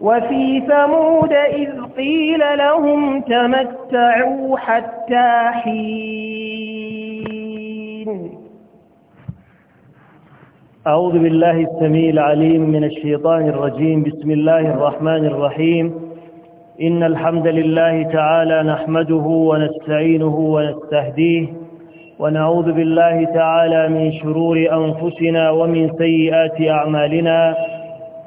وفي ثمود إذ قيل لهم تمتعوا حتى حين أعوذ بالله السميع العليم من الشيطان الرجيم بسم الله الرحمن الرحيم إن الحمد لله تعالى نحمده ونستعينه ونستهديه ونعوذ بالله تعالى من شرور أنفسنا ومن سيئات أعمالنا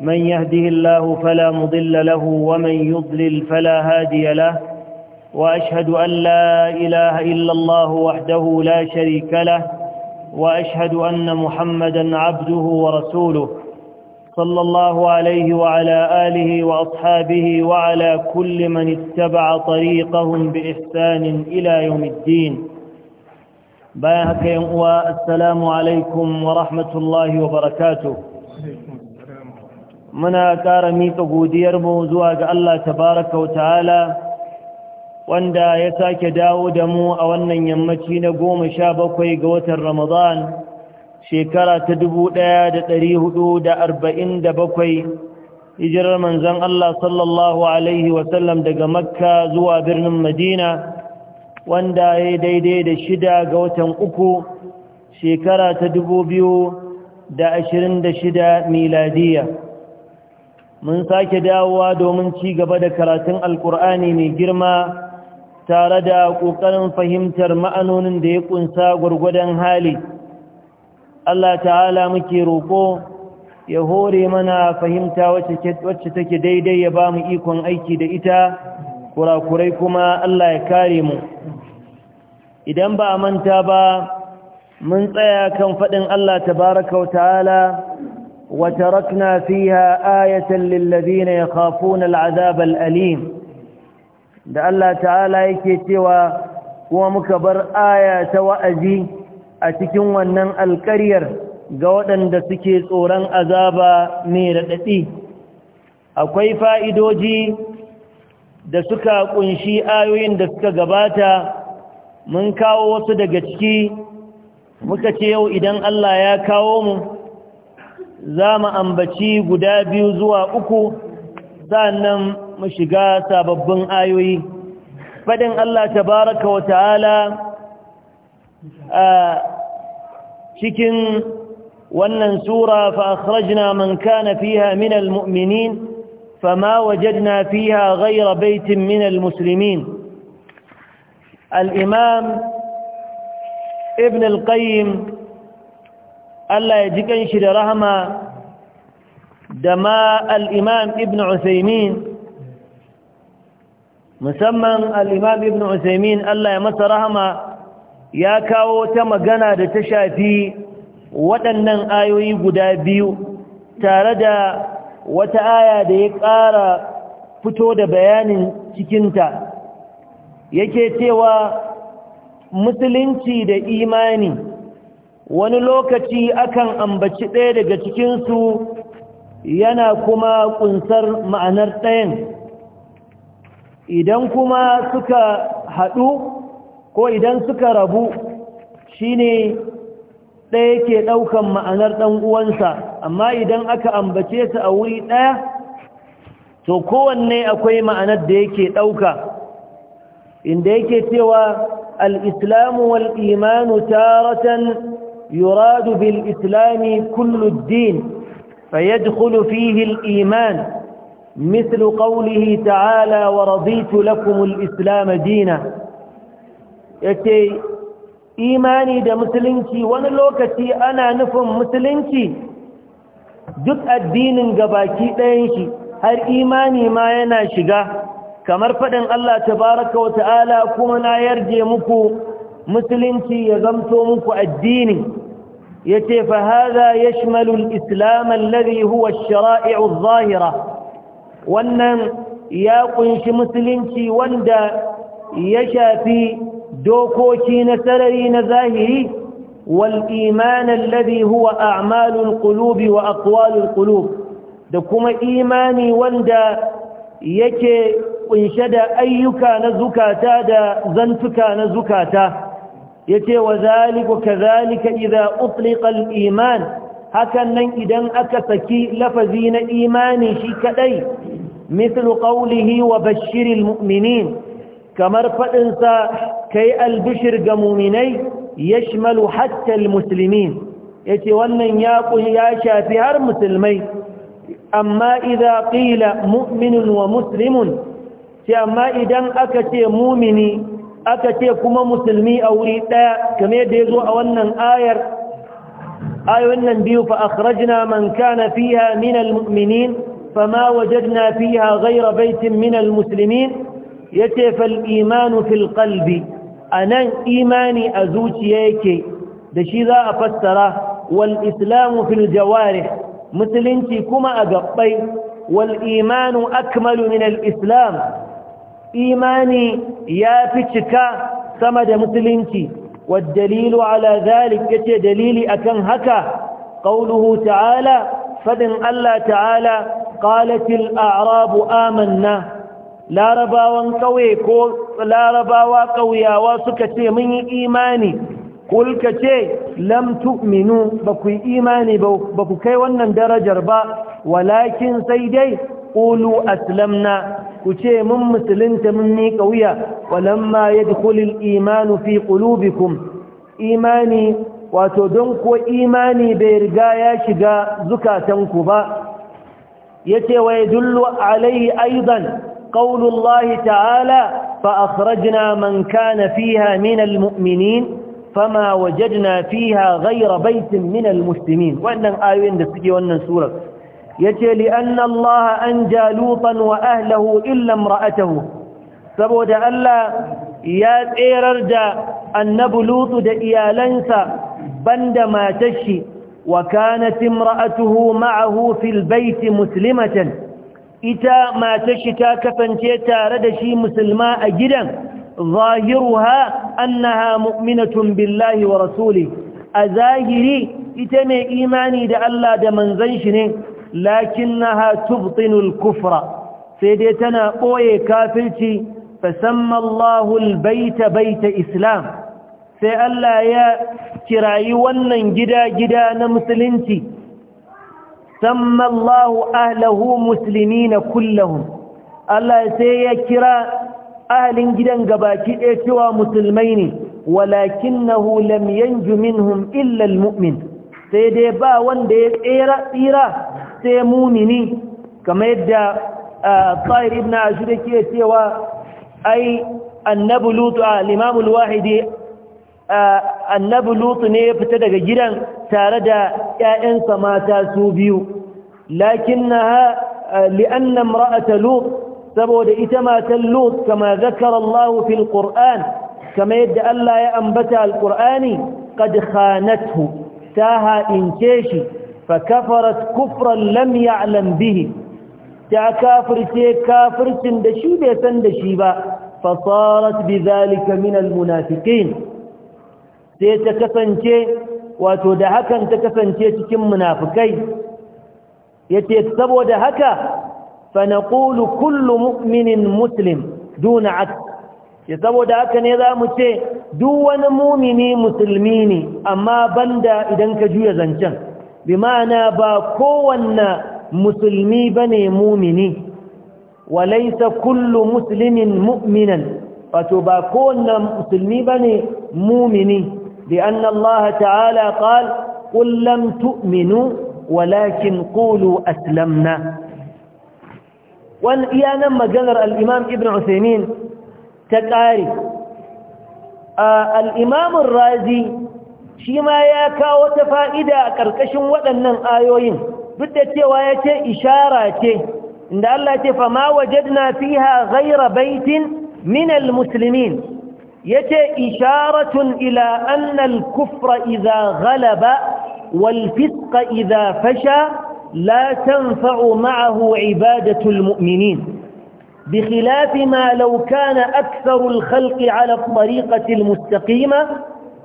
من يهده الله فلا مضل له ومن يضلل فلا هادي له وأشهد أن لا إله إلا الله وحده لا شريك له وأشهد أن محمدا عبده ورسوله صلى الله عليه وعلى آله وأصحابه وعلى كل من اتبع طريقهم بإحسان إلى يوم الدين باهك السلام عليكم ورحمة الله وبركاته muna ƙara miƙa godiyarmu zuwa ga Allah tabaraka wa ta'ala wanda ya sake dawo da mu a wannan yammaci na goma sha bakwai ga watan Ramadan shekara ta dubu ɗaya da ɗari hudu da arba'in da bakwai hijirar manzan Allah sallallahu Alaihi wasallam daga Makka zuwa birnin Madina wanda ya daidai da shida ga watan uku shekara ta dubu biyu da ashirin da shida miladiya. mun sake dawowa domin ci gaba da karatun alkur'ani mai girma tare da ƙoƙarin fahimtar ma'anonin da ya ƙunsa gwargwadon hali Allah ta'ala muke roƙo ya hore mana fahimta wacce take daidai ya ba mu ikon aiki da ita kurakurai kuma Allah ya kare mu idan ba a manta ba mun tsaya kan faɗin Allah tabaraka wa ta'ala وتركنا فيها آية للذين يخافون العذاب الأليم لألا تعالى يكتوى ومكبر آية وأزي أتكوى النمع الكرير قوضا دسكي صورا عذاب ميرتتي أو وكيف إدوجي دسكا قنشي آيوين دسكا قباتا من كاو وصدقتكي مكتيو إدن الله يا كاومو za mu ambaci guda biyu zuwa uku sannan mu shiga sababbin ayoyi fadin Allah tabaraka wa ta'ala a cikin wannan sura fa akhrajna man kana fiha min almu'minin fama wajadna fiha ghayra baytin min almuslimin al-imam ibn al-qayyim Allah ya ji shi da rahama da ma al'imam ibn Usaimin musamman al'imam ibn Usaimin Allah ya masa rahama ya kawo ta magana da ta shafi waɗannan ayoyi guda biyu tare da wata aya da ya ƙara fito da bayanin cikinta yake cewa musulunci da imani wani lokaci akan ambaci ɗaya daga cikinsu yana kuma ƙunsar ma'anar ɗayan idan kuma suka haɗu ko idan suka rabu shine ɗaya ke ɗaukan ma'anar ɗan uwansa amma idan aka ambace su a wuri ɗaya to kowanne akwai ma'anar da yake ɗauka inda yake cewa al'islamu wal'imanu taratan يراد بالإسلام كل الدين فيدخل فيه الإيمان مثل قوله تعالى ورضيت لكم الإسلام دينا يتي إيماني دا مسلنكي وانا لوكتي أنا نفهم مسلنكي جد الدين قباكي تنشي هل إيماني ما يناشقه كما shiga الله تبارك وتعالى tabaraka wa مكو musulunci ya zamto muku addini yace fa hadha yashmalu al-islam alladhi huwa ash-shara'i'u adh-dhahira wannan ya kunshi musulunci wanda ya shafi dokoki na sarari na zahiri wal iman alladhi huwa a'malu al-qulubi wa aqwalu al-qulub da kuma imani wanda yake kunshe da ayyuka na zukata da zantuka na zukata yace wa wazaliku kazalika idza utliqa iman hakan nan idan aka saki lafazi na imani shi kadai mithlu qawlihi wa bashiril mu'minin kamar fadin sa kai albishir ga mu'minai yashmalu hatta almuslimin yace wannan ya ya shafi har musulmai amma idza qila mu'minun wa muslimun sai amma idan aka ce mu'mini aka ce kuma musulmi a wuri ɗaya kame da ya zo a wannan ayar ayoyin nan biyu fa akhrajna man kana fiha muminin almu'minin fama wajadna fiha ghayra baitin musulmin. Ya yace fal imanu fil A nan imani a zuciya yake da shi za a fassara wal islamu fil jawari musulunci kuma a gabbai wal imanu akmalu minal islam imani ya fi cika sama da musulunci waddalilu ala zalik yace dalili akan haka qauluhu ta'ala fadin Allah ta'ala qalatil a'rabu amanna larabawan kauye ko larabawa ƙauyawa suka ce mun yi imani kul kace lam tu'minu baku yi imani baku kai wannan darajar ba walakin sai dai qulu aslamna ku ce mun musulunta mun mika kauya walamma yadkhulul imanu fi qulubikum imani wato don ko imani bai riga ya shiga zukatanku ba yace wa yadullu alaihi aizan qaulullahi ta'ala fa akhrajna man kana fiha min almu'minin fama fi ha gaira baitin min almuslimin wannan ayoyin da suke wannan surar yace li anna Allah anja lutan wa ahlihi illa imra'atuhu saboda Allah ya tserar da annabi lutu da iyalansa banda matar shi wa kanat imra'atuhu ma'ahu fil bayt muslimatan ita matar shi ta kafance tare da shi musulma a gidan wa rasulihi مؤمنة ita mai imani da allah da manzon shi ne. lakinnaha tubtinul kufra sai dai tana boye kafirci fasamma Allahu albayta bayta islam sai Allah ya kirayi wannan gida gida na musulunci samma Allahu na kulla kullahum Allah sai ya kira ahlin gidan gabaki ɗaya cewa musulmai ne ولكنه لم ينج منهم إلا المؤمن sai dai ba wanda ya tsira tsira sai mumini kamar yadda tsayir ibn ashir yake cewa ai annabu lutu a imam wahidi annabi lutu ne ya fita daga gidan tare da 'ya'yansa mata su biyu lakinnaha li'anna ra'ata lut saboda ita matan lut kama zakara Allah fil Qur'an kama yadda Allah ya ambata al-Qur'ani qad khanathu ta ha'ince shi fa kafarat kufran lam ya'lam bihi ta kafirce kafircin da shi bai san da shi ba fa sarat bidhalika min almunafiqin sai ta kasance wato da hakan ta kasance cikin munafikai yace saboda haka fa naqulu kullu mu'minin muslim duna aks ya saboda haka ne za mu ce duk wani mumini musulmi ne amma banda idan ka juya zancen bi ma'ana ba kowanne musulmi ba ne mumini walaisa kullu musulmin mu'minan wato ba kowanne musulmi ba ne mumini bi an Allah ta'ala qal qul tu'minu walakin kulu aslamna wan nan maganar al-imam ibn Uthaymeen تقاري آه، الإمام الرازي شما ياكا وتفائدة كركش ودنن آيوين بدت يوايك إشارات إن الله تفا ما وجدنا فيها غير بيت من المسلمين يك إشارة إلى أن الكفر إذا غلب والفسق إذا فشى لا تنفع معه عبادة المؤمنين بخلاف ما لو كان أكثر الخلق على الطريقة المستقيمة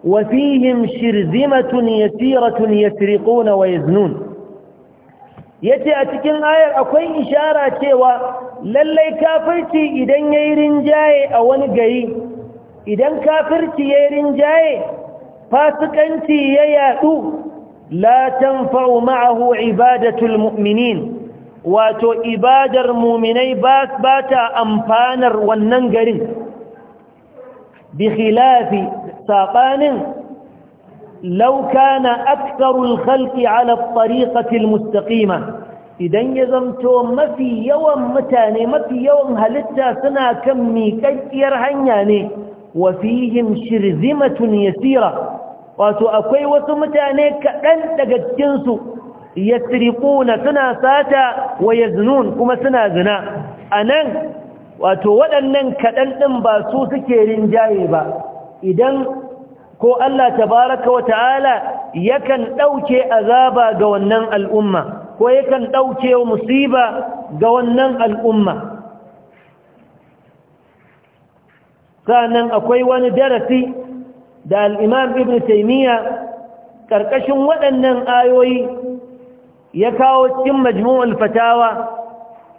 وفيهم شرذمة يسيرة يسرقون ويزنون يتي أ ت ك ن آ ي للي كافرتي إ ذ ن يرن جاي أ و ن كافرتي يرن جاي فاسق انت يا ياتو لا تنفع معه عبادة المؤمنين wato ibadar muminai ba ta amfanar wannan garin bi khilafi saɓanin na aksarul khalqi ala tariqatil mustaqima idan ya zamto mafi yawan mutane mafi yawan halitta suna kan miƙaƙƙiyar hanya ne wa fihim shirzimatun yasira wato akwai wasu mutane kaɗan daga cikinsu yasriquna suna sata wa yaznun kuma suna zina anan wato waɗannan kaɗan ɗin ba su suke rinjaye ba idan ko Allah tabaraka wa ta'ala yakan ɗauke azaba ga wannan al'umma ko yakan ɗauke musiba ga wannan al'umma sannan akwai wani darasi da imam ibn taimiyya ƙarƙashin waɗannan ayoyi ya kawo cikin majmu'ul fatawa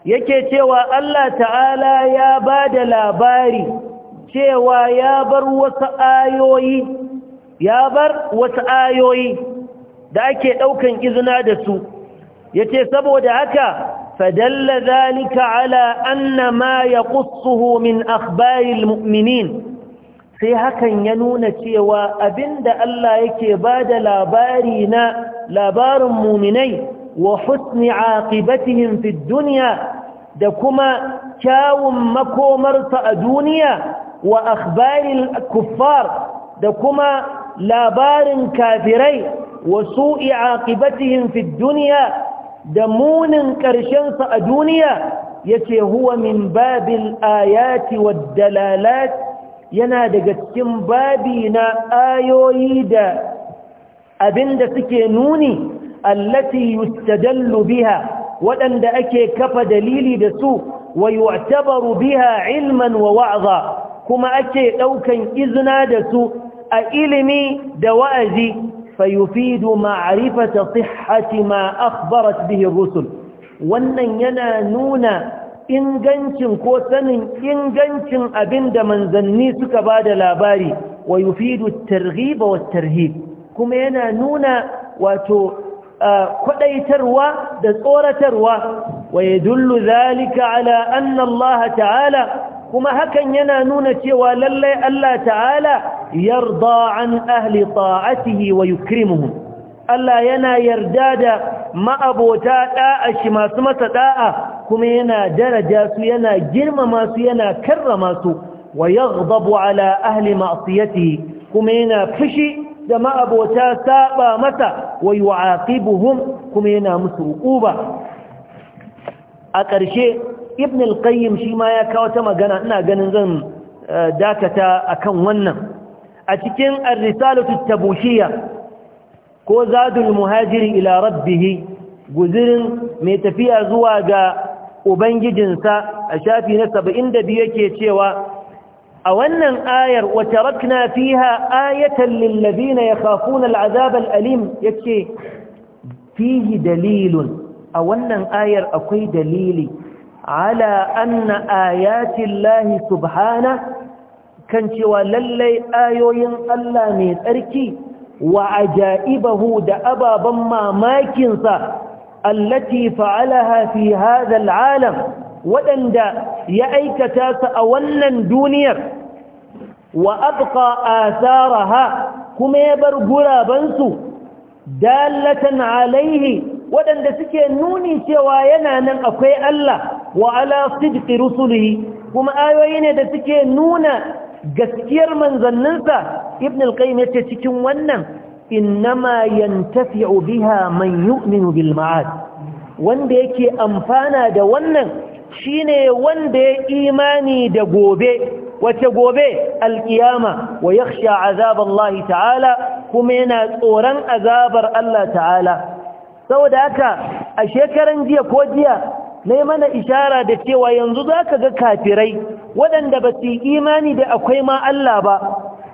yake cewa Allah ta'ala ya ba da labari cewa ya bar wasu ayoyi ya bar wasu ayoyi da ake ɗaukan izina da su yace saboda haka fadalla zalika ala anna ma yaqussuhu min akhbaril mu'minin sai hakan ya nuna cewa abinda Allah yake bada labari na labarin mu'minai وحسن عاقبتهم في الدنيا دكما كما كاوم مكو مرت أدونيا وأخبار الكفار دكما كما لابار كافري وسوء عاقبتهم في الدنيا دمون كرشان فأدونيا يتي هو من باب الآيات والدلالات ينادق قسم بابينا آيويدا أبند سكينوني allati yustadallu biha waɗanda ake kafa dalili da su wa yu'tabaru biha ilman wa wa'za kuma ake ɗaukan izina da su a ilimi da wa'azi fayufidu ma'rifata sihhati ma akhbarat bihi rusul wannan yana nuna ingancin ko sanin ingancin abinda manzanni suka bada labari wa yufidu at-targhib wa at-tarhib kuma yana nuna wato kwaɗaitarwa da tsoratarwa wa dullu zalika ala anna Allah ta'ala kuma hakan yana nuna cewa lallai Allah ta'ala yarda an ahli ta'atihi wa yukrimuhum Allah yana yarda da ma'abota da'a shi masu masa da'a kuma yana daraja su yana girmama su yana karrama su wa yaghdabu ala ahli ma'siyatihi kuma yana fushi da ma'abota saba mata wa yu'aqibuhum kuma yana musu ruƙuba. a ƙarshe ibn al-qayyim shi ma ya kawo ta magana ina ganin zan eh, dakata akan wannan a cikin ar tabushiya ko zadul muhajiri ila rabbih guzirin mai tafiya zuwa ga ubangijinsa a shafi na 72 yake cewa a wannan ayar wata rakna fiha ayatan lil ladina yakhafuna al azab alim yace fihi dalilun a wannan ayar akwai dalili ala anna ayati llahi subhana kan cewa lallai ayoyin Allah mai tsarki wa ajaibahu da ababan mamakinsa allati fa'alaha fi hadha al alam waɗanda ya aikata su a wannan duniyar wa abqa atharaha kuma ya bar gurabansu dalatan alaihi waɗanda suke nuni cewa yana nan akwai Allah wa ala sidqi rusulihi kuma ayoyi ne da suke nuna gaskiyar manzanninsa ibn al-qayyim yace cikin wannan innama yantafi'u biha man yu'minu bil ma'ad wanda yake amfana da wannan shine wanda ya imani da gobe wace gobe alkiyama wa ya azab Allah ta'ala kuma yana tsoron azabar Allah ta'ala saboda haka a shekaran jiya ko jiya na mana ishara da cewa yanzu za ka ga kafirai waɗanda ba su imani da akwai ma Allah ba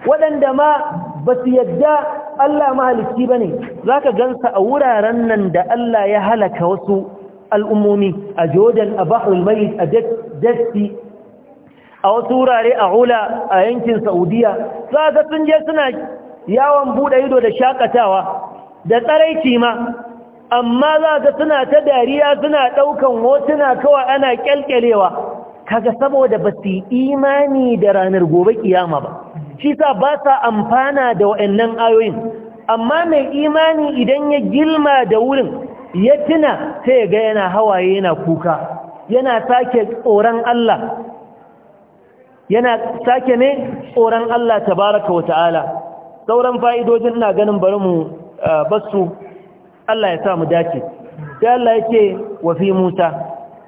waɗanda ma ba su yadda Allah mahalicci ba ne za ka gansa a wuraren nan da Allah ya halaka wasu al'ummomi a jordan a bahrul mai a jesse a wasu wurare a hula a yankin saudiya za ga sun je suna yawon buɗe ido da shakatawa da tsaraici ma amma za ga suna ta dariya suna ɗaukan hotuna kawai ana kyalkyalewa kaga saboda ba su imani da ranar gobe kiyama ba shi sa ba sa amfana da wa'annan ayoyin amma mai imani idan ya gilma da wurin ya tuna sai ga yana hawaye yana kuka yana sake tsoron Allah yana sake ne tsoron Allah tabaraka wa ta'ala sauran fa'idojin ina ganin bari mu basu Allah ya sa mu dace sai Allah yake wa fi Musa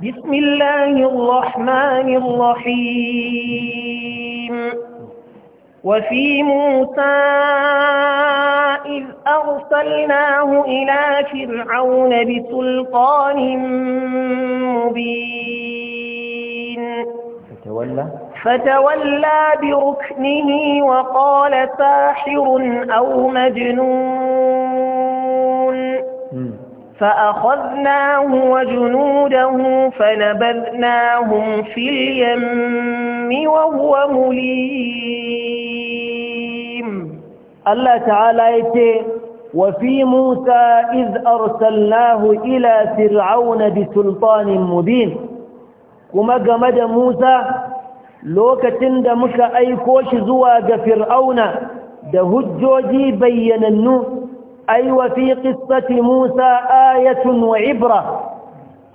bismillahir rahmanir rahim وفي موسى إذ أرسلناه إلى فرعون بسلطان مبين فتولى فتولى بركنه وقال ساحر أو مجنون فأخذناه وجنوده فنبذناهم في اليم وهو مليم Allah ta'ala yace wa fi Musa iz arsalnahu ila fir'auna bi sultanin mubin kuma game da Musa lokacin da muka aiko shi zuwa ga fir'auna da hujjoji bayyanannu ai wa fi qissati Musa ayatun wa ibra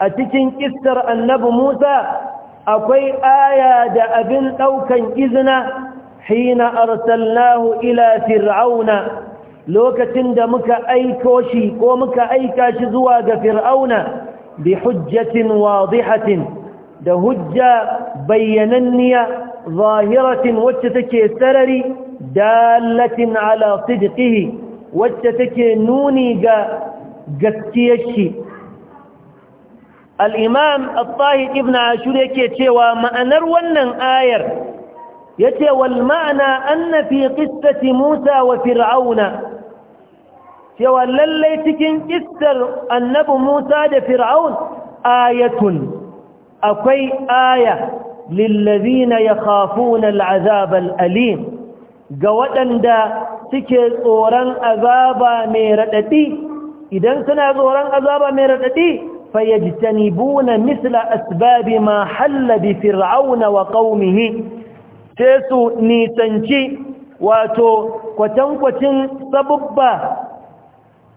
a cikin kissar annabi Musa akwai aya da abin daukan izina hina arsalnahu ila fir'auna lokacin da muka aiko shi ko muka aika shi zuwa ga fir'auna bi hujjatin wadihatin da hujja bayyananniya zahiratin wacce take sarari dalatin ala sidqihi wacce take nuni ga gaskiyar shi al-imam at-tahir ibn ashur yake cewa ma'anar wannan ayar yace wal ma'ana anna fi qissati Musa wa Fir'auna cewa lallai cikin kissar annabi Musa da Fir'aun ayatun akwai aya lillazina yakhafuna al'azab al'alim ga waɗanda suke tsoron azaba mai radadi idan suna tsoron azaba mai radadi fayajtanibuna misla asbab ma halla bi fir'auna wa qaumihi sai su nisanci wato kwatankwacin sabubba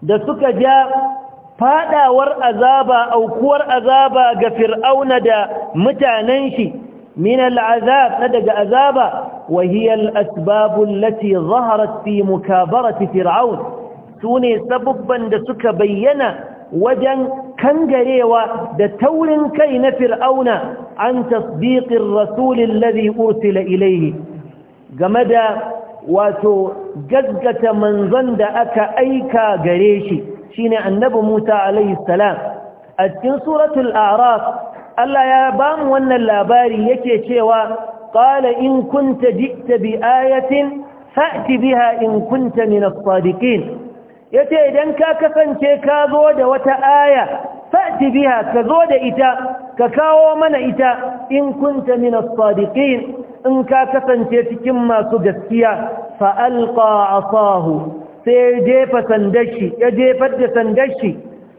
da suka ja fadawar azaba aukuwar azaba ga fir'auna da mutanen shi min al'azab na daga azaba wahiyar asbabun lati allati fi mukabarati fir'aun sune sabubban da suka bayyana wajen kangarewa da taurin kai na fir'auna an tasdiqir rasulin ladhi ursila ilayhi game da wato gaggata manzon da aka aika gare shi shine annabi Musa alaihi salam a cikin suratul a'raf Allah ya ba mu wannan labari yake cewa qala in kunta ji'ta bi ayatin fa'ti biha in kunta min as-sadiqin ya ce idan ka kasance ka zo da wata aya fa'ati biya ka zo da ita ka kawo mana ita in kunta min sadiqin in ka kasance cikin masu gaskiya fa alqa asahu sai jefa sandashi ya jefar da sandashi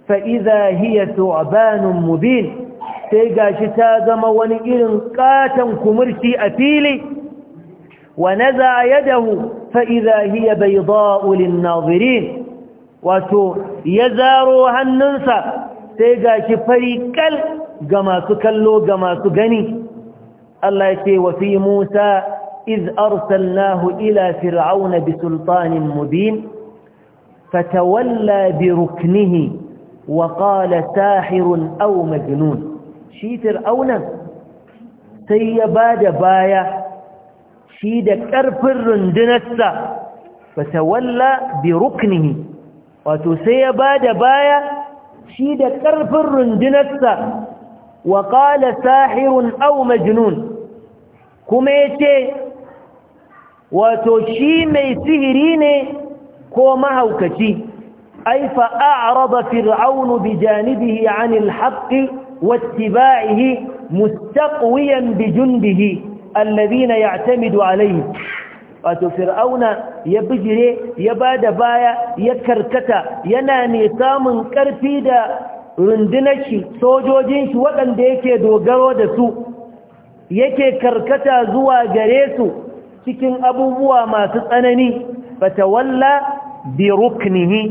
fa idha hiya tu'banun mubin sai gashi ta zama wani irin ƙatan kumurci a fili wa naza yadahu fa idha hiya bayda'u lin-nazirin wato ya zaro hannunsa sai ga shi fari kal ga masu kallo ga masu gani Allah ya ce wa fi Musa iz arsalnahu ila fir'auna bi sultanin mubin fatawalla bi ruknihi wa qala sahirun aw majnun shi fir'auna sai ya bada baya shi da karfin rundunarsa fatawalla bi ruknihi wato sai ya bada baya shi da karfin rundunarsa wa qala sahirun aw majnun kuma yace wato shi mai sihiri ne ko mahaukaci ai fa a'rada fir'aun bi janibihi 'anil haqqi mustaqwiyan bi jundihi alladhina ya'tamidu 'alayhi wato fir'auna ya bijire ya ba da baya ya karkata yana ne samun ƙarfi da rundunar shi sojojin shi waɗanda yake dogaro da su yake karkata zuwa gare su cikin abubuwa masu tsanani fatawalla bi ruknihi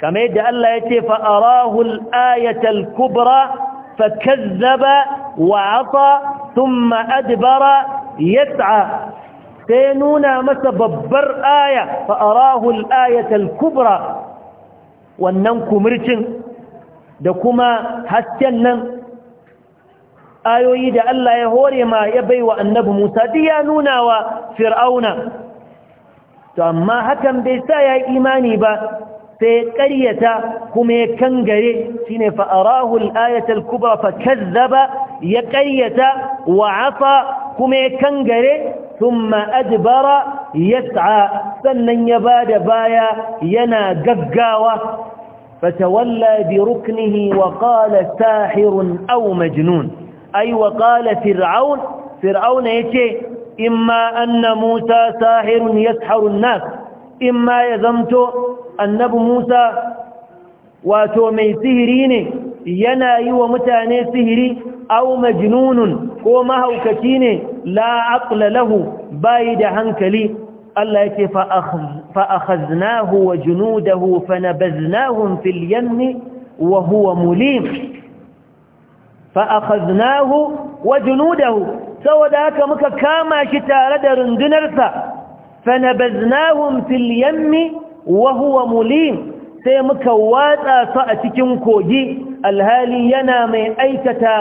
kamar yadda Allah ya ce fa'arahu al'ayatal kubra fakazzaba wa ata thumma adbara yas'a sai nuna masa babbar aya fa arahu al-ayatal kubra wannan kumurcin da kuma hasken nan ayoyi da Allah ya hore ma ya baiwa annabi Musa duk ya nuna wa fir'auna to amma hakan bai sa ya imani ba sai ƙaryata kuma ya kangare shine fa arahu al-ayatal kubra fa kazzaba ya ƙaryata wa asa kuma ya kangare ثم أدبر يسعى سنن يباد بايا ينا ققاوة فتولى بركنه وقال ساحر أو مجنون أي وقال فرعون فرعون يتي إما أن موسى ساحر يسحر الناس إما يزمت النبو موسى واتو ميسيريني yana yi wa mutane sihiri aw majnunun ko mahaukaci ne la aqla lahu bai da hankali Allah yake fa akhadnahu wa junudahu fanabaznahum fil yammi wa huwa mulim fa akhadnahu wa junudahu saboda haka muka kama shi tare da rundunarsa fanabaznahum fil yammi wa huwa mulim sai muka watsa su a cikin kogi alhali yana mai aikata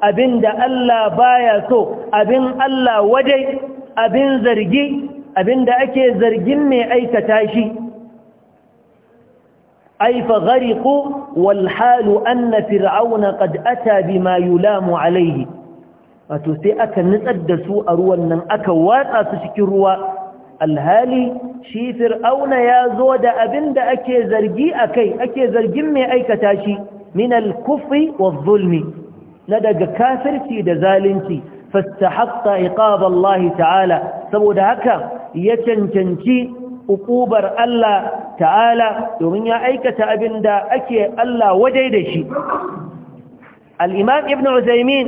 abin da Allah baya so abin Allah waje, abin zargi abin da ake zargin mai aikata shi ai fa Walhalu wal halu anna fir'auna qad ata bima yulamu alayhi wato sai aka nitsar da su a ruwan nan aka watsa su cikin ruwa alhali shi fir'auna ya zo da abin da ake zargi akai ake zargin mai aikata shi min al-kufri wadh na daga kafirci da zalunci fastahatta iqab ta'ala saboda haka ya cancanci uqubar Allah ta'ala domin ya aikata abinda ake Allah wajai da shi al-imam ibn Uthaymeen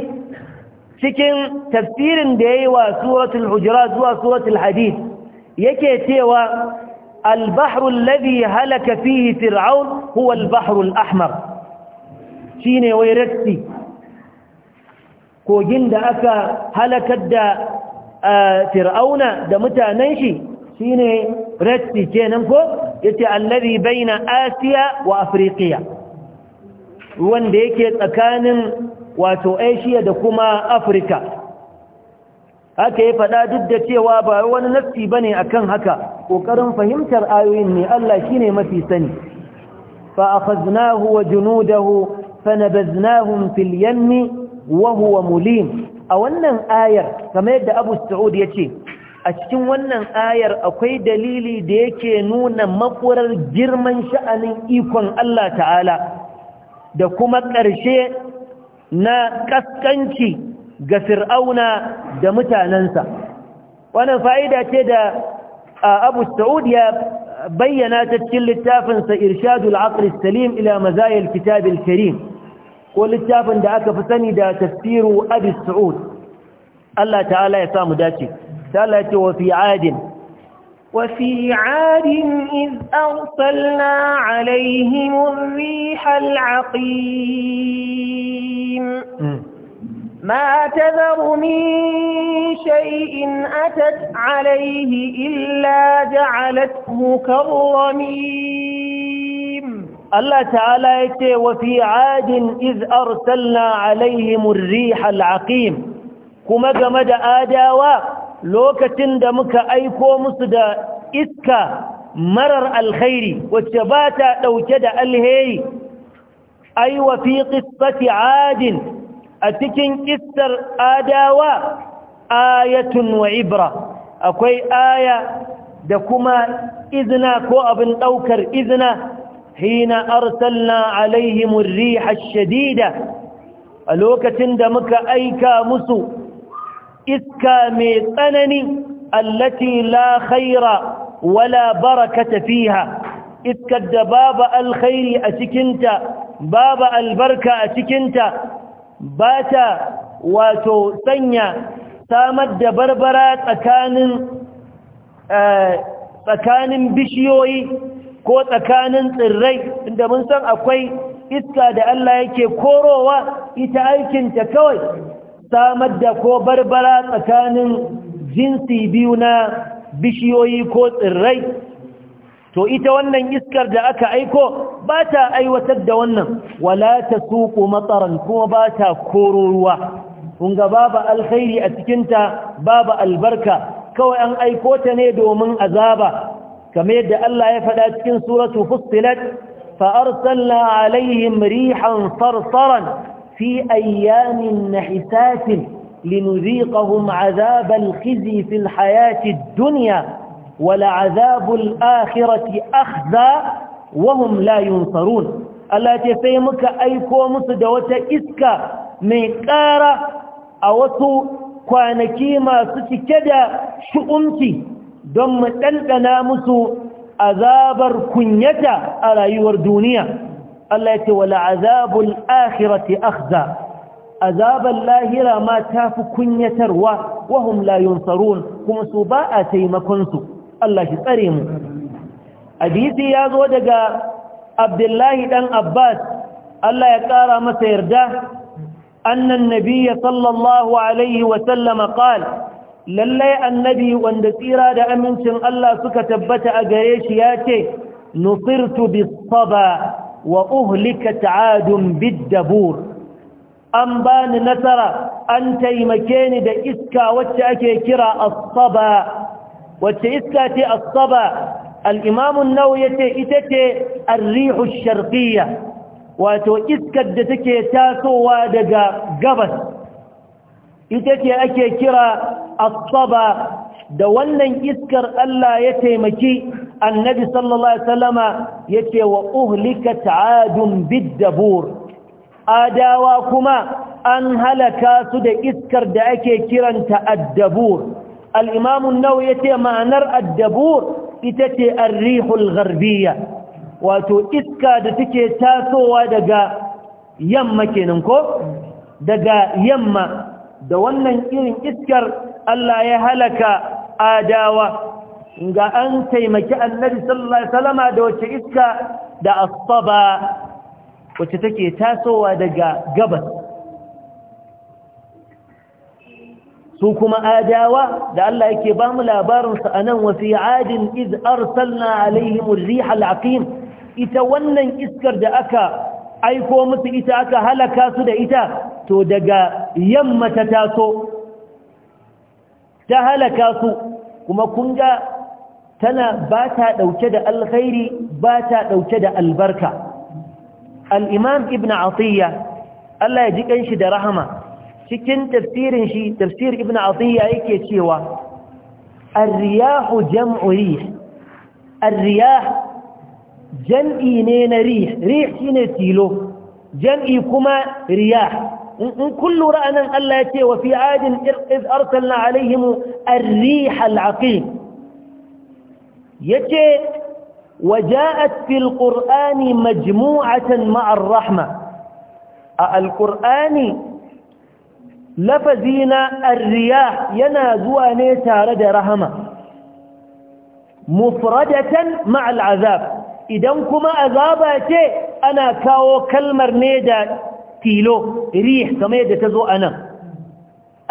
cikin tafsirin da yayi wa suratul hujurat zuwa suratul hadid yake cewa al-bahru alladhi halaka fihi fir'aun huwa al-bahru al-ahmar shine wai rasti kogin da aka halakar da fir'auna da mutanen shi shine rasti kenan ko yace bai baina asiya wa Afirikiya wanda yake tsakanin wato asia da kuma afirka haka ya faɗa duk da cewa ba wani ba bane akan haka ƙoƙarin fahimtar ayoyin ne Allah shi ne mafi sani fa a akhadnahu wa junudahu فنبذناهم في اليم وهو مليم a wannan ayar kamar yadda Abu Sa'ud yace a cikin wannan ayar akwai dalili da yake nuna makurar girman sha'anin ikon Allah ta'ala da kuma ƙarshe na kaskanci ga fir'auna da mutanensa wannan fa'ida ce da Abu Sa'ud ya bayyana ta cikin littafinsa Irshadul Aql Salim ila Mazayil Kitabil Karim ko littafin da aka fi sani da tafsiru abi su'ud Allah ta'ala ya samu dace ta Allah ce wa fi adin وفي عاد إذ أرسلنا عليهم الريح العقيم ما تذر من شيء أتت عليه إلا جعلته كالرميم Allah ta'ala ya ce wa fi adin iz arsalna alaihim ar aqim kuma game da adawa lokacin da muka aiko musu da iska marar alkhairi wacce ba ta dauke da alheri ai wa fi qissati adin a cikin kissar adawa ayatun wa ibra akwai aya da kuma izna ko abin daukar izna. حين أرسلنا عليهم الريح الشديدة الوكة دمك أيكا مسو إسكا ميطنني التي لا خير ولا بركة فيها إسكا الدباب الخير أتكنت باب البركة أتكنت بات واتو سنيا سامد بربرات أكان أكان بشيوي ko tsakanin tsirrai inda mun san akwai iska da Allah yake korowa ita aikinta kawai samar da ko barbara tsakanin jinsi biyu na bishiyoyi ko tsirrai to ita wannan iskar da aka aiko ba ta aiwatar da wannan wala ta suku matsaran kuma ba ta korowa, kunga babu alkhairi a cikinta babu albarka kawai an aiko ta ne domin azaba كما يدى الله ya faɗa سورة فصلت فأرسلنا عليهم ريحا صرصرا في أيام نحسات لنذيقهم عذاب الخزي في الحياة الدنيا ولعذاب الآخرة أخزى وهم لا ينصرون ألا تفهمك أي كومس دوة إسكا من كارة أوسو كوانكيما ستكدى شؤمتي don mu ɗanɗana musu azabar kunyata a rayuwar duniya Allah ya ce wala azabul akhirati akhza azabal lahira ma tafi kunyatarwa wahum la yunsarun kuma su ba a taimakon su Allah shi tsare mu hadisi ya zo daga Abdullahi dan Abbas Allah ya kara masa yarda annan nabiyya sallallahu alaihi wa sallama qala lallai annabi wanda tsira da amincin Allah suka tabbata a gare shi ya ce nusirtu bis-saba wa uhlika 'adun bid-dabur an bani nasara an taimake ni da iska wacce ake kira Asaba. wacce iska ce Asaba? Al'imamun al ya ce ita ce Arrihu rihu wato iskar da take tasowa daga gabas ita ce ake kira asaba da wannan iskar Allah ya taimaki annabi sallallahu alaihi wasallama yace wa uhlika adun biddabur adawa kuma an halaka su da iskar da ake kiranta addabur al-imam ya ce yace ma'anar addabur ita ce ar-rihul wato iska da take tasowa daga yamma kenan ko daga yamma da wannan irin iskar Allah ya halaka adawa ga an taimaki annabi sallallahu alaihi wasallama da wace iska da asaba wacce take tasowa daga gabas su kuma adawa da Allah yake ba mu labarin su anan wa fi adin iz arsalna alaihim ar-riha al-aqim ita wannan iskar da aka aiko musu ita aka halaka su da ita to daga yamma ta taso ta halaka su kuma kunga tana ba ta ɗauke da alkhairi ba ta ɗauke da albarka al'imam ibn atiyya Allah ya ji ƙanshi da rahama cikin tafsirin shi tafsir ibn atiyya yake cewa arriyahu jam'uri rih arriyah jam'i ne na rih rih shine tilo jam'i kuma riyah كل رأنا ألا يتي وفي عاد إذ أرسلنا عليهم الريح العقيم يتي وجاءت في القرآن مجموعة مع الرحمة القرآن لفزين الرياح ينازواني تارد رحمة مفردة مع العذاب إذا كما أذابا أنا كاو كلمر نيدا tilo rih kamar yadda ta zo a nan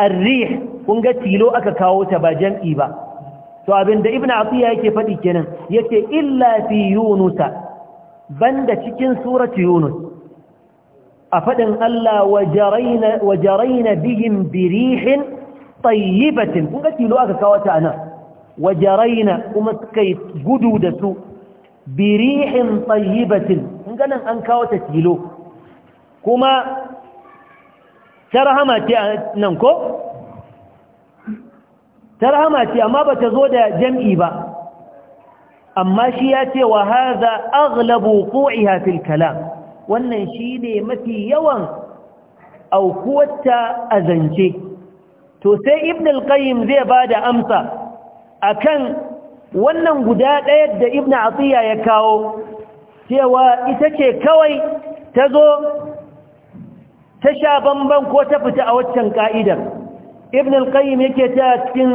arrih kun ga tilo aka kawo ta ba jam'i ba to abinda ibn afiya yake faɗi kenan yake illa fi yunusa banda cikin suratu yunus a faɗin Allah wa jaraina birihin tayyibatin kun ga tilo aka kawo ta nan wa jaraina kuma kai gudu da su birihin tsayyibatin kun ga nan an kawo ta tilo kuma ta rahama ce nan ko ta rahama ce amma ba ta zo da jam'i ba amma shi ya ce wa haza aghlabu qu'iha fil kalam wannan shi ne mafi yawan aukuwata a zance to sai ibn al-qayyim zai ba da amsa akan wannan guda ɗaya da ibn atiya ya kawo cewa ita ce kawai ta zo ta sha bamban ko ta fita a waccan ka'idar ibn al-qayyim yake ta cikin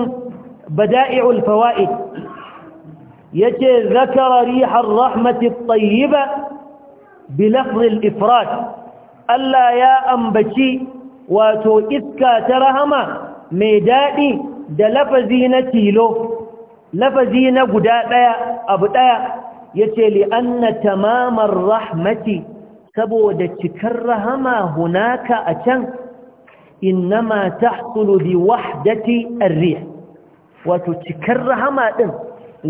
bada'i'ul fawaid yace zakara rihar rahmati at-tayyiba bi lafz al-ifrad Allah ya ambaci wato iska ta rahama mai dadi da lafazi na tilo lafazi na guda daya abu daya yace li anna tamamar rahmati saboda cikar rahama hunaka a can innama tahsulu bi wahdati ar wato cikar rahama din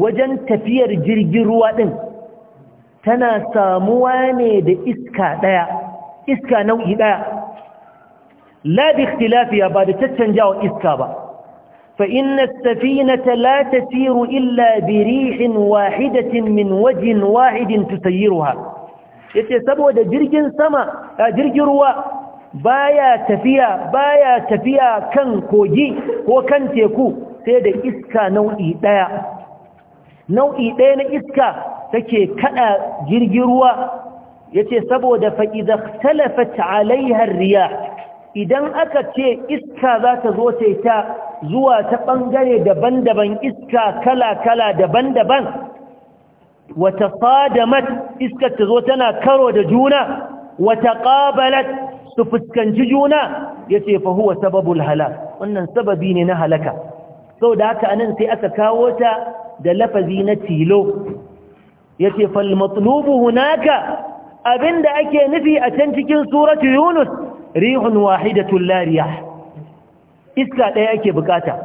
wajen tafiyar jirgin ruwa din tana samuwa ne da iska daya iska nau'i ɗaya la bi ba da caccanjawa iska ba fa inna as-safinata la tasiru illa bi rihin wahidatin min wajhin wahidin tusayyiruha yace saboda jirgin sama a jirgin ruwa baya tafiya baya tafiya kan kogi ko kan teku sai da iska nau'i daya nau'i daya na iska take kada jirgin ruwa yace saboda fa talafata alaihar alaiha idan aka ce iska za ta zo ta zuwa ta ɓangare daban-daban iska kala-kala daban-daban wata fadamat iskar ta zo tana karo da juna wata ƙabalat su fuskanci juna ya ce fahuwa sababul halak wannan sababi ne na halaka sau da haka anan sai aka kawo ta da lafazi na tilo ya ce falmatlubu hunaka abinda ake nufi a can cikin suratu yunus rihun wahidatun lariya iska ɗaya ake bukata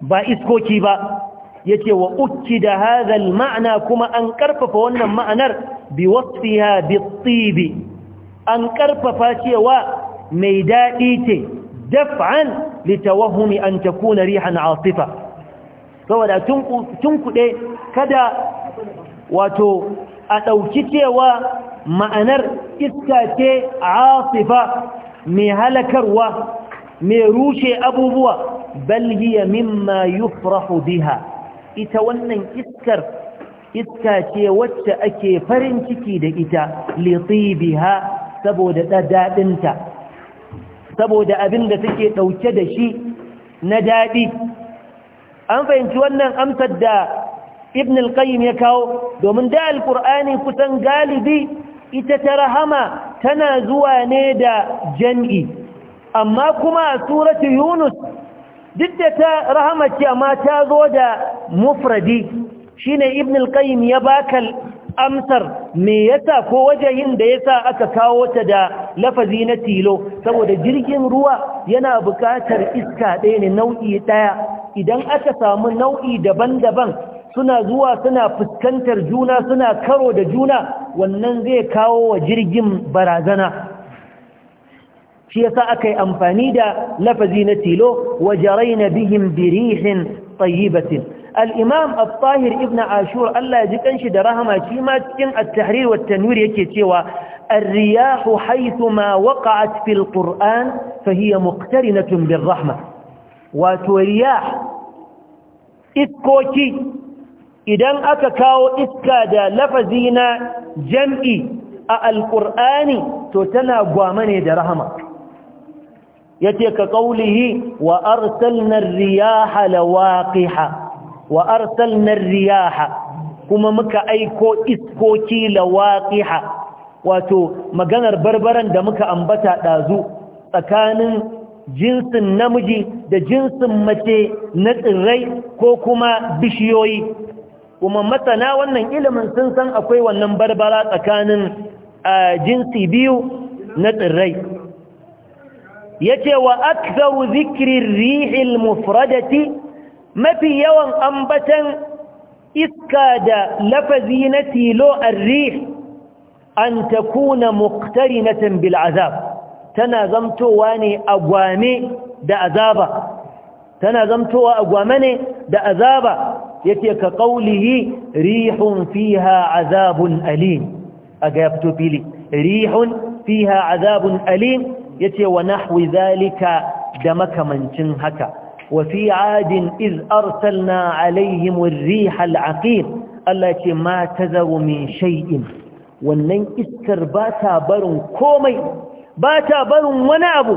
ba iskoki ba yace wa uki da hadal ma'ana kuma an karfafa wannan ma'anar bi wasfiha bi an karfafa cewa mai daɗi ce daf'an litawahhumi an takuna rihan 'asifa saboda kuɗe kada wato a ɗauki cewa ma'anar iska ce asifa mai halakarwa mai rushe abubuwa bal hiya mimma yufrahu biha ita wannan iskar iska ce wacce ake farin ciki da ita litibiha saboda dadadinta saboda abin da take dauke da shi na dadi an fahimci wannan amsar da ibn al-qayyim ya kawo domin da alqur'ani kusan galibi ita ta rahama tana zuwa ne da jan'i amma kuma a suratu yunus duk da ta rahama ce amma ta zo da mufradi ne ibn al-qayyim ya baka amsar me yasa ko yin da yasa aka kawo ta da lafazi na tilo saboda jirgin ruwa yana buƙatar iska ɗaya ne nau'i ɗaya idan aka samu nau'i daban-daban suna zuwa suna fuskantar juna suna karo da juna wannan zai kawo wa jirgin barazana shi yasa aka yi amfani da lafazi na tilo wajarai na bihin birihin batin. al al al-fahir ibn ashur Allah ya ji ƙanshi da rahama shi ma cikin al-tahrir wa tanuri yake cewa al-riyahu haithu ma waqa'at fil qur'an fa rahma wato riyah iskoki idan aka kawo iska da lafazi na jam'i a al-qur'ani to tana gwama ne da rahma yace ka qawlihi wa arsalna ar-riyaha lawaqiha wa arsalna riyaha kuma muka aiko iskoki lawaqiha wato maganar barbaran da muka ambata dazu tsakanin jinsin namiji da jinsin mace na tsirrai ko kuma bishiyoyi kuma masana wannan ilimin sun san akwai wannan barbara tsakanin jinsi biyu na tsirrai yace wa aktharu zikirin rihil mufradati mafi yawan ambatan iska da lafazi na tilo arrih an ta takuna muqtarinatan bil azab tana zamtowa ne agwame da azaba tana zamtowa agwame ne da azaba yace ka qawlihi rihun fiha azabun alim aga fito fili rihun fiha azabun alim yace wa nahwi zalika da makamancin haka وفي عاد إذ أرسلنا عليهم الريح العقيم التي ما تذر من شيء wannan iskar ba ta barin komai ba ta barin wani abu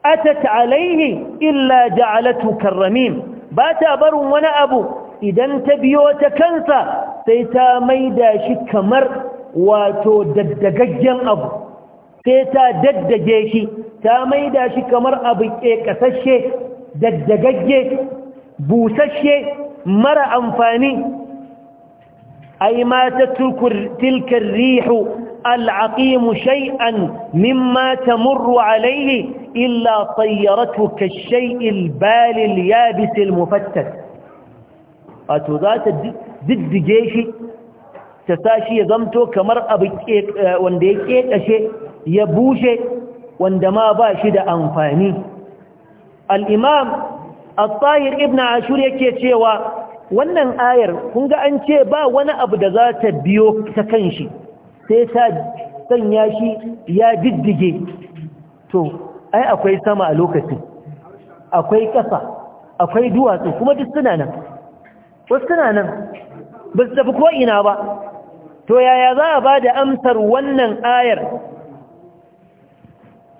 atat alaihi illa ja'alatu karramin ba ta barin wani abu idan ta biyo ta kansa sai ta maida shi kamar wato daddagaggen abu sai ta daddage shi ta maida shi kamar abu kasashe daddagagge busashe mara amfani ai ma ta tilkar rihu العقيم شيئا مما تمر عليه إلا طيرته كالشيء البال اليابس المفتت أتو ذات ضد جيشي ta tashi ya zamto kamar abu eh, wanda ya ƙeƙashe ya bushe wanda ma ba shi da amfani al'imam al-tahir ibn ashur yake cewa wannan ayar kun ga an ce ba wani abu da za ta biyo ta kanshi sai ta sanya shi ya diddige to ai akwai sama a lokacin akwai ƙasa akwai duwatsu kuma duk suna nan wasu suna nan ba su tafi ko ina ba to yaya za a ba da amsar wannan ayar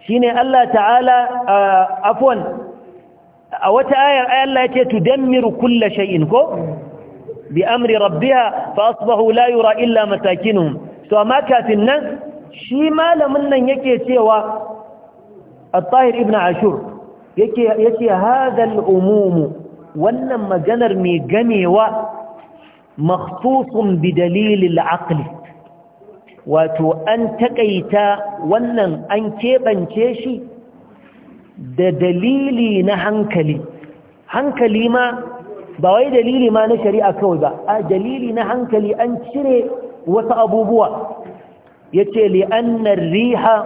shine Allah ta'ala afwan a wata ayar Allah ya ce tudammiru kulla shay'in ko bi amri rabbiha fa asbahu la yura illa matakinu to amma kafin nan shi malamin nan yake cewa الطاهر ابن ashur yake yace hadal umumu wannan maganar mai gamewa makhsusun bi dalilil aqli wato an takaita wannan an keɓance shi da dalili na hankali hankali ma ba wai dalili ma na shari'a kawai ba a dalili na hankali an cire wasu abubuwa ya ce riha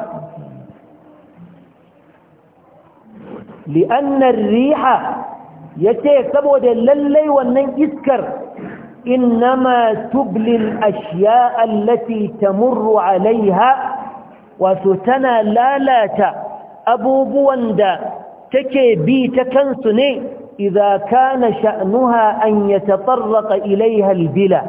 li'annar riha ya ce saboda lallai wannan iskar إنما تبلي الأشياء التي تمر عليها وتتنى لا لا تا أبو بواندا تكي بي تكنسني إذا كان شأنها أن يتطرق إليها البلا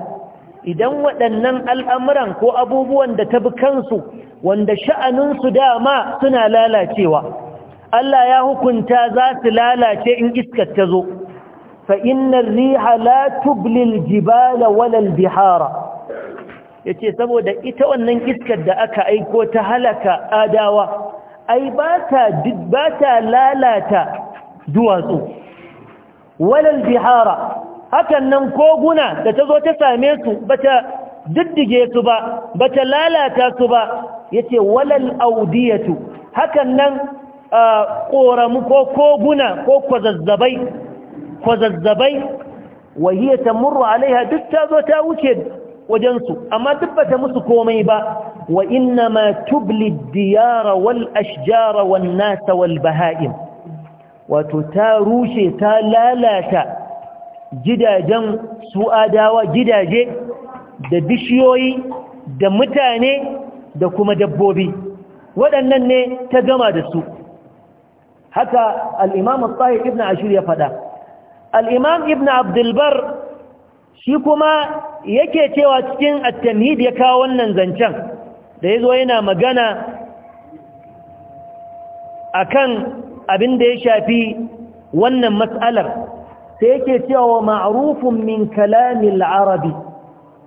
إذا ودنا الأمر كو أبو بواندا تبكنسو وأن شأن سداما سنى لا لا تيوا ألا يهو كنتا ذات لا لا تيوى فإن الريح لا تبلي الجبال ولا البحار yace saboda ita wannan iskar da aka aiko ta halaka adawa ai ba ta lalata duwatsu walal bihara hakan nan koguna da ta zo ta same su ta diddige su ba bata lalata su ba yace walal audiyatu hakan nan koramu ko koguna ko kwazazzabai kwazazzabai wahiyar tamurru alaiha duk ta zo ta wuce wajensu amma duk ba ta musu komai ba wa inna ma tubli diyara wal ashjara wan nasa wal baha'im wato ta rushe ta lalata gidajen su adawa gidaje da bishiyoyi da mutane da kuma dabbobi waɗannan ne ta gama da su haka al'imam al-tahir ibn ashir ya faɗa al'imam ibn abdulbar shi kuma yake cewa cikin attamhid ya kawo wannan zancen da ya zo yana magana a kan abin da ya shafi wannan matsalar sai yake cewa ma'arufin min kalamin arabi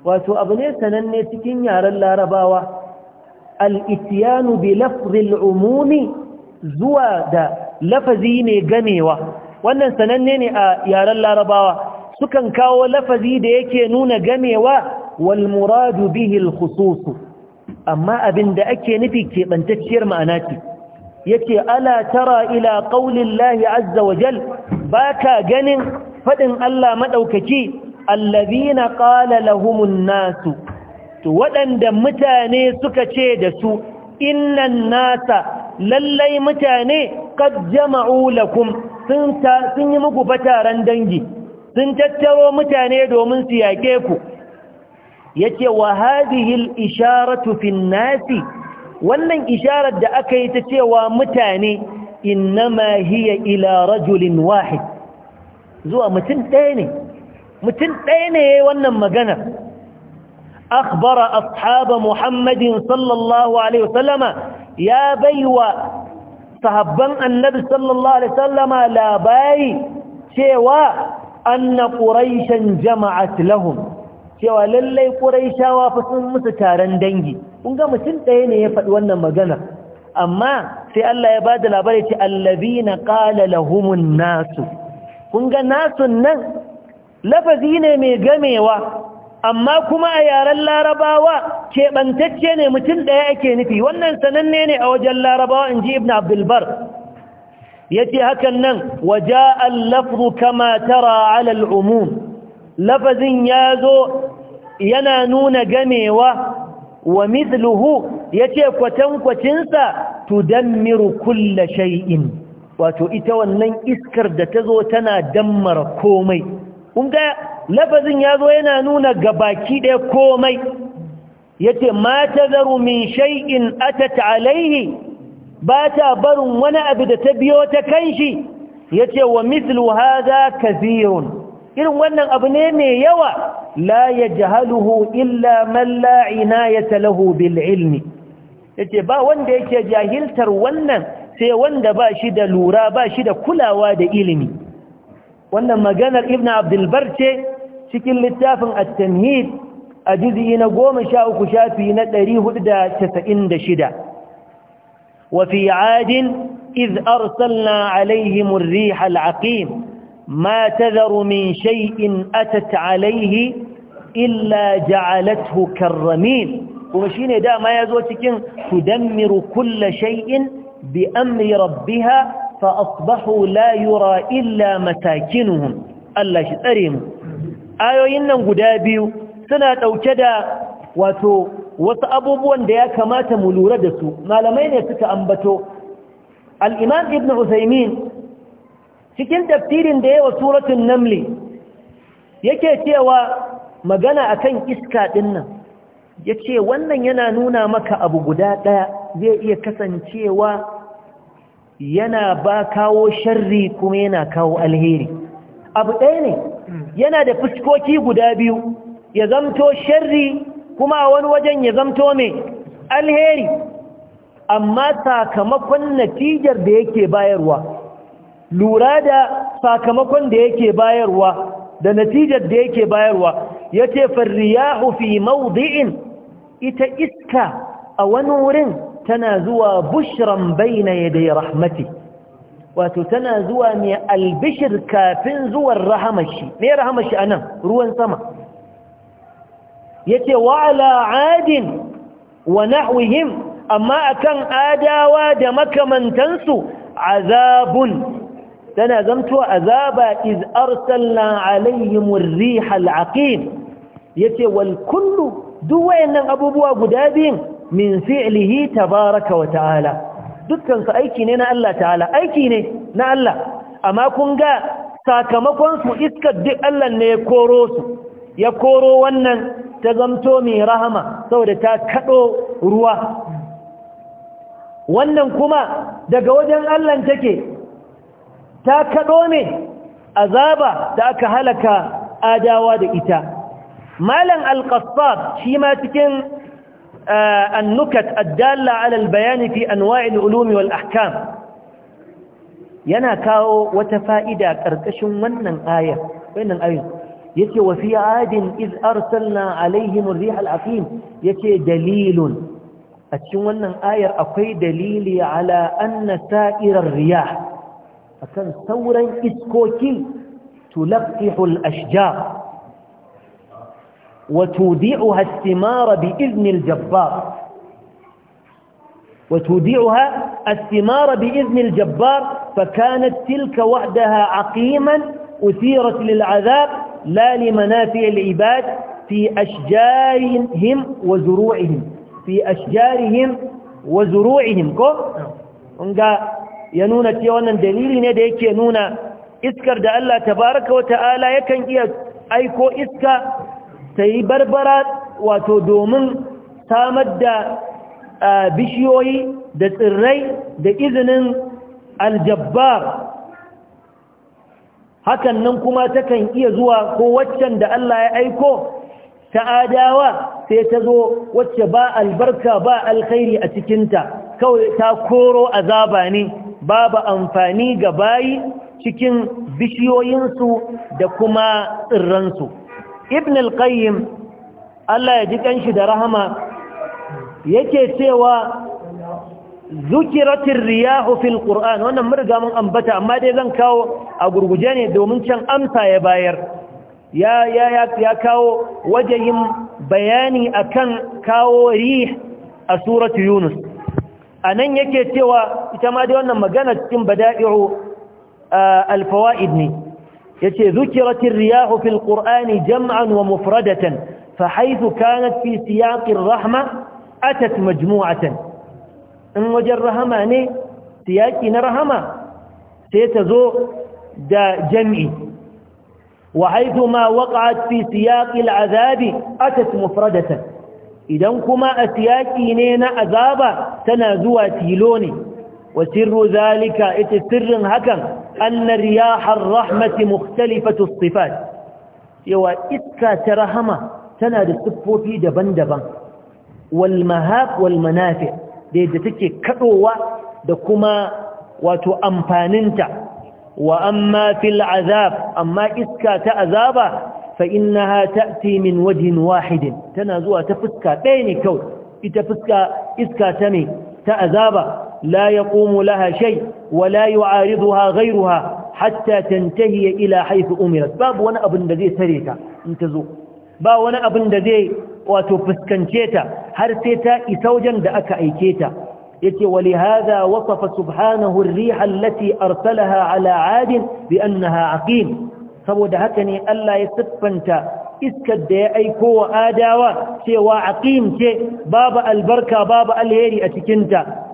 wato abu ne sananne cikin yaren larabawa al'itiyanu bi lafzil umumi zuwa da lafazi ne gamewa wannan sananne ne a yaren larabawa sukan kawo lafazi da yake nuna gamewa wal muradu bihi al khusus amma abinda ake nufi kebantacciyar ma'ana ce yace ala tara ila qawli llahi azza wa jal baka ganin fadin Allah madaukaki allazina qala lahumun nasu to waɗanda mutane suka ce da su innan nasa lallai mutane kad jama'u lakum sun ta sun yi muku fataran dangi sun tattaro mutane domin su yake ku yace wa hadhihi al isharatu fi wannan isharar da aka yi ta cewa mutane innama hiya ila rajulin wahid zuwa mutum ɗaya ne mutum ɗaya ne wannan magana akhbara ashab muhammadin sallallahu alaihi wasallama ya baiwa sahabban annabi sallallahu alaihi wasallama labari cewa anna quraishan jama'at lahum cewa lallai quraishawa fa sun musu taron dangi kun ga mutum ɗaya ne ya faɗi wannan magana amma sai Allah ya bada labari ce allazina qala lahumun nasu kun ga nasun nan lafazi ne mai gamewa amma kuma a yaren larabawa keɓantacce ne mutum ɗaya ake nufi wannan sananne ne a wajen larabawa in ji ibn abdulbar ya ce hakan nan waje allafru kama tara alal umum lafazin ya zo yana nuna gamewa wa mithluhu ya ce kwatankwacinsa dammiru, kulle shai'in wato ita wannan iskar da ta zo tana dammara komai kun lafazin ya zo yana nuna gabaki ɗaya komai yace ma tazaru min shay'in atat alaihi ba ta barin wani abu da ta biyo ta kanshi yace wa mithlu hadha kathirun irin wannan abu ne mai yawa la yajhaluhu illa man la inayata lahu bil ilmi yace ba wanda yake jahiltar wannan sai wanda ba shi da lura ba shi da kulawa da ilimi wannan maganar ibn abdulbar ce cikin littafin at-tamhid a juz'i na 13 shafi na 496 wa fi 'ad idh arsalna 'alayhim ar-rih al-'aqim ma tadharu min shay'in atat 'alayhi illa ja'alathu karramin kuma shine dama yazo cikin tudammiru kull shay'in bi amri rabbiha فأصبحوا لا يرى إلا مساكنهم الله شترهم آيوين ننقدابيو سنة أو كدا واتو وتأبوبوان دياك مات ملوردسو ما لمين يتك أنبتو الإمام ابن عثيمين cikin tafsirin da yawa suratul naml yake cewa magana akan iska dinnan yace wannan yana nuna maka abu guda daya zai iya kasancewa yana ba kawo sharri kuma yana kawo alheri abu ɗaya ne hmm. yana da fuskoki guda biyu ya zamto sharri kuma a wani wajen ya zamto mai alheri amma sakamakon natijar da yake bayarwa lura da sakamakon da yake bayarwa da natijar da yake bayarwa ya ce farriyahu fi maudi'in ita iska a wani wurin tana zuwa bushran baina yaday rahmati wato tana zuwa mai albishir kafin zuwan rahamashi me rahamashi anan ruwan sama yace wa ala adin wa nahwihim amma akan adawa da makamantansu azabun tana zamtuwa azaba iz arsalna alaihim riha al-aqim yace wal kullu duk wayannan abubuwa guda biyun min fi'lihi tabaraka wa ta'ala dukkan su aiki ne na Allah ta'ala aiki ne na Allah amma kun ga sakamakon su iskar duk Allah ne ya koro su ya koro wannan ta zamto mai rahama saboda ta kado ruwa wannan kuma daga wajen Allah take ta kado ne azaba da aka halaka adawa da ita malam al-qassab shi ma cikin النكت الدالة على البيان في أنواع العلوم والأحكام ينا كاو وتفائدة كركش من آية وين الآية يتي وفي عاد إذ أرسلنا عليهم الريح العقيم يتي دليل أتشون آية أقوي دليلي على أن سائر الرياح أكن ثورا إسكوكي تلقح الأشجار وتودعها الثمار بإذن الجبار وتودعها الثمار بإذن الجبار فكانت تلك وحدها عقيما أثيرت للعذاب لا لمنافع العباد في أشجارهم وزروعهم في أشجارهم وزروعهم كو unga ya nuna دليل نديك dalili إذكر da الله تبارك وتعالى يكن Allah tabaraka wa ta yi barbara wato domin samar da bishiyoyi da tsirrai da izinin aljabbar hakan nan kuma takan iya zuwa ko waccan da Allah ya aiko ta adawa sai ta zo wacce ba albarka ba alkhairi a cikinta kawai ta koro azaba ne babu amfani ga bayi cikin bishiyoyinsu da kuma tsirransu ibn al-qayyim Allah ya ji kanshi da rahama yake cewa zukiratir riyahu fil qur'an wannan murga mun ambata amma dai zan kawo a gurguje ne domin can amsa ya bayar ya ya ya kawo bayani akan kawo rih a suratu yunus anan yake cewa ita ma dai wannan magana cikin bada'i'u al-fawaid ne يتي ذكرت الرياح في القرآن جمعا ومفردة فحيث كانت في سياق الرحمة أتت مجموعة إن وجر رحمة ني سياقي رحمة سيتزو دا جمعي وحيثما وقعت في سياق العذاب أتت مفردة إذن كما أسياقي نينا عذابا تنازوا تيلوني وسر ذلك إتسر هكا أن رياح الرحمة مختلفة الصفات يوا إسكا ترهما تنادي الصفو في دبن دبن والمهاب والمنافع دي دتكي كدوا دكما واتو أمباننتا وأما في العذاب أما إسكا تأذابا فإنها تأتي من وجه واحد تنازوا تفسكا بيني كون تفسكا إسكا تمي تأذابا لا يقوم لها شيء ولا يعارضها غيرها حتى تنتهي إلى حيث أمرت باب وانا أبن دذي تريتا انتزو باب وانا أبن دذي وتفسكنشيتا هرسيتا إسوجا دأك أيكيتا يتي ولهذا وصف سبحانه الريح التي أرسلها على عاد بأنها عقيم سبود هكني ألا يستفنت iskar da ya aiko wa adawa cewa aqim ce babu albarka babu alheri a cikinta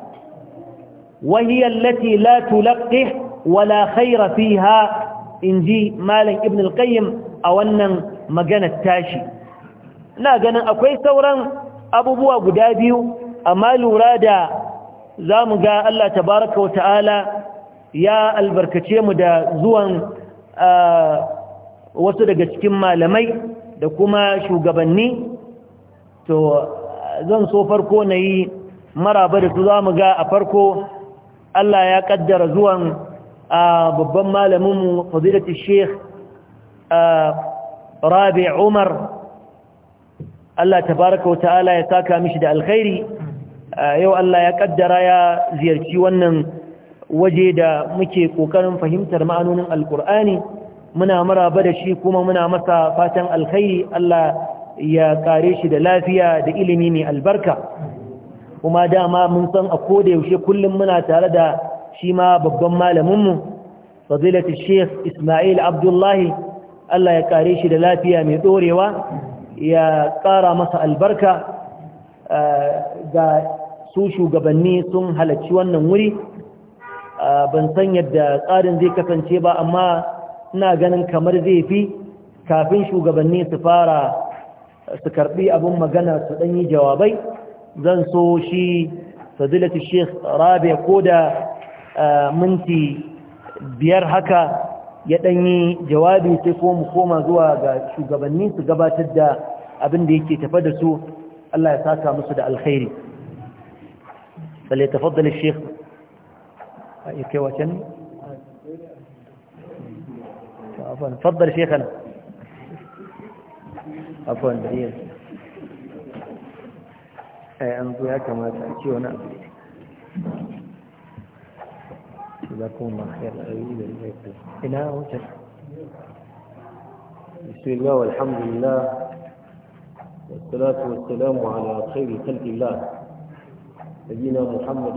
وهي Lati لا تلقح ولا خير فيها in ji ibn al a wannan maganar tashi Ina ganin akwai sauran abubuwa guda biyu amma lura da za mu ga Allah tabaraka ta'ala ya albarkace mu da zuwan wasu daga cikin malamai da kuma shugabanni to zan so farko na yi maraba da su za mu ga a farko Allah ya kaddara zuwan babban malaminmu fadilati sheikh rabi umar Allah tabaraka wa ta'ala ya saka mishi da alkhairi yau Allah ya kaddara ya ziyarci wannan waje da muke kokarin fahimtar ma'anonin alkur'ani muna maraba da shi kuma muna masa fatan alkhairi Allah ya kare shi da lafiya da ilimi mai albarka kuma dama mun san a koda yaushe kullum muna tare da shi ma babban malaminmu fadilati sheikh ismail abdullahi Allah ya kare shi da lafiya mai dorewa ya kara masa albarka eh, ga su shugabanni sun halarci wannan wuri eh, ban san yadda tsarin zai kasance ba amma ina ganin kamar zai fi kafin shugabanni su fara su karbi abin magana su ɗanyi jawabai zan so shi fadilatu sheikh rabi ko da minti biyar haka ya ɗanyi jawabi sai ko mu koma zuwa ga shugabanni su gabatar da abin da yake tafa da su Allah ya saka musu da alkhairi ai an zo ya kamata a ce wani abu da kuma mahayar ayi da zai ina wutar بسم الله والحمد لله والصلاة والسلام على خير خلق الله نبينا محمد